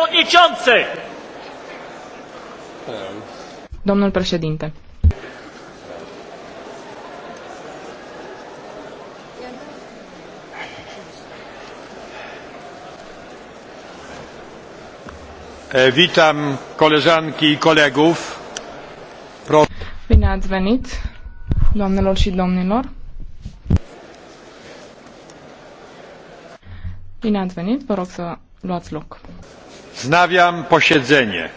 przewodniczący! Domnul președinte. Witam koleżanki i kolegów. Pro... Bine ați venit, doamnelor și domnilor. Bine ați venit, vă rog să luați loc. Znawiam posiedzenie.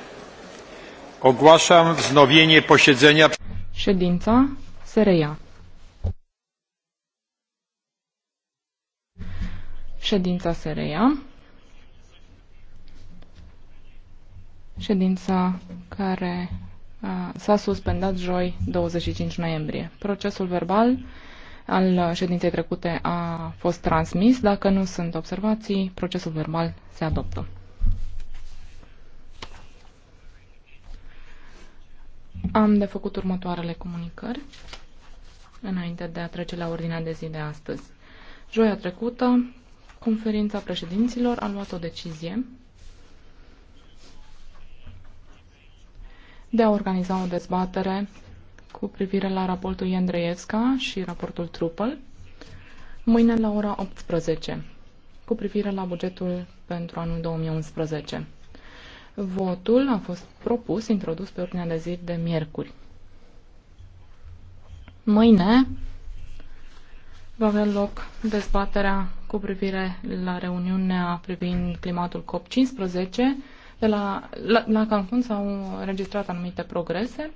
Ogłaszam wznowienie posiedzenia. Ședința se reia. Ședința se reia. Ședința care s-a suspendat joi 25 noiembrie. Procesul verbal al ședinței trecute a fost transmis. Dacă nu sunt observații, procesul verbal se adoptă. Am de făcut următoarele comunicări înainte de a trece la ordinea de zi de astăzi. Joia trecută, conferința președinților a luat o decizie de a organiza o dezbatere cu privire la raportul Iendreievska și raportul Trupel mâine la ora 18 cu privire la bugetul pentru anul 2011. Votul a fost propus, introdus pe ordinea de zi de miercuri. Mâine va avea loc dezbaterea cu privire la reuniunea privind climatul COP15. De la, la, la Cancun s-au înregistrat anumite progrese.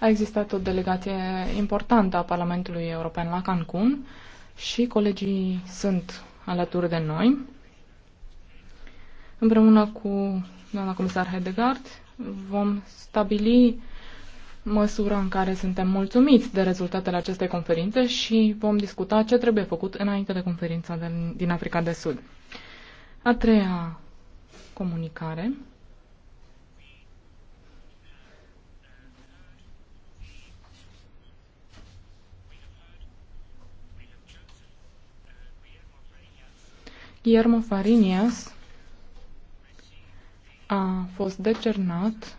A existat o delegație importantă a Parlamentului European la Cancun și colegii sunt alături de noi. Împreună cu doamna comisar Hedegaard vom stabili măsura în care suntem mulțumiți de rezultatele acestei conferințe și vom discuta ce trebuie făcut înainte de conferința din Africa de Sud. A treia comunicare Guillermo Farinias fost decernat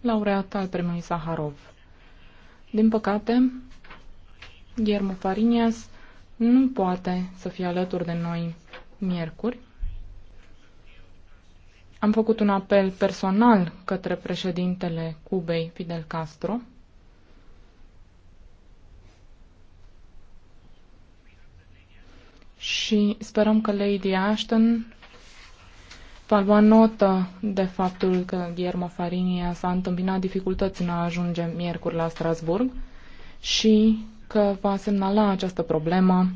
laureat al premiului Saharov. Din păcate, Guillermo Farinias nu poate să fie alături de noi miercuri. Am făcut un apel personal către președintele Cubei, Fidel Castro, și sperăm că Lady Ashton va lua notă de faptul că Guillermo Farini s-a întâmpinat dificultăți în a ajunge miercuri la Strasburg și că va semnala această problemă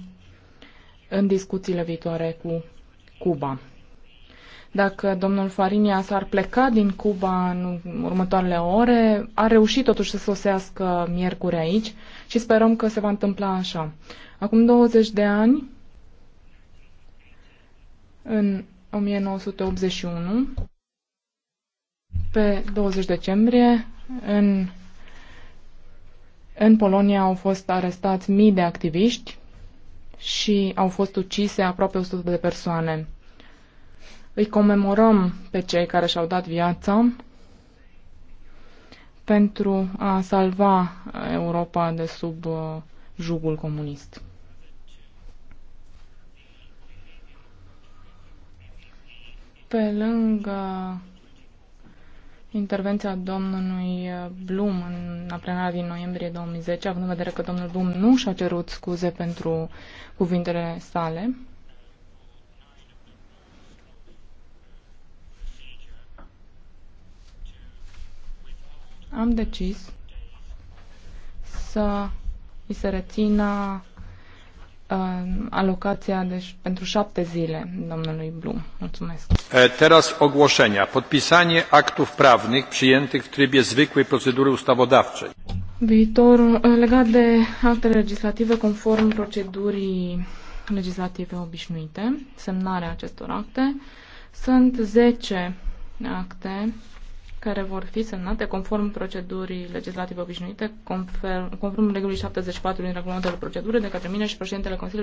în discuțiile viitoare cu Cuba. Dacă domnul Farinia s-ar pleca din Cuba în următoarele ore, a reușit totuși să sosească miercuri aici și sperăm că se va întâmpla așa. Acum 20 de ani, în 1981, pe 20 decembrie, în, în Polonia au fost arestați mii de activiști și au fost ucise aproape 100 de persoane. Îi comemorăm pe cei care și-au dat viața pentru a salva Europa de sub uh, jugul comunist. Pe lângă intervenția domnului Blum în la din noiembrie 2010, având în vedere că domnul Blum nu și-a cerut scuze pentru cuvintele sale, am decis să îi se rețină Uh, alocația deci, pentru șapte zile domnului Blum. Mulțumesc. Teraz ogłoszenia. Podpisanie aktów prawnych przyjętych w trybie zwykłej procedury ustawodawczej. Viitor legat de actele legislative conform procedurii legislative obișnuite, semnarea acestor acte, sunt 10 acte care vor fi semnate conform procedurii legislative obișnuite, conform, conform regulii 74 din regulamentul de procedură de către mine și președintele Consiliului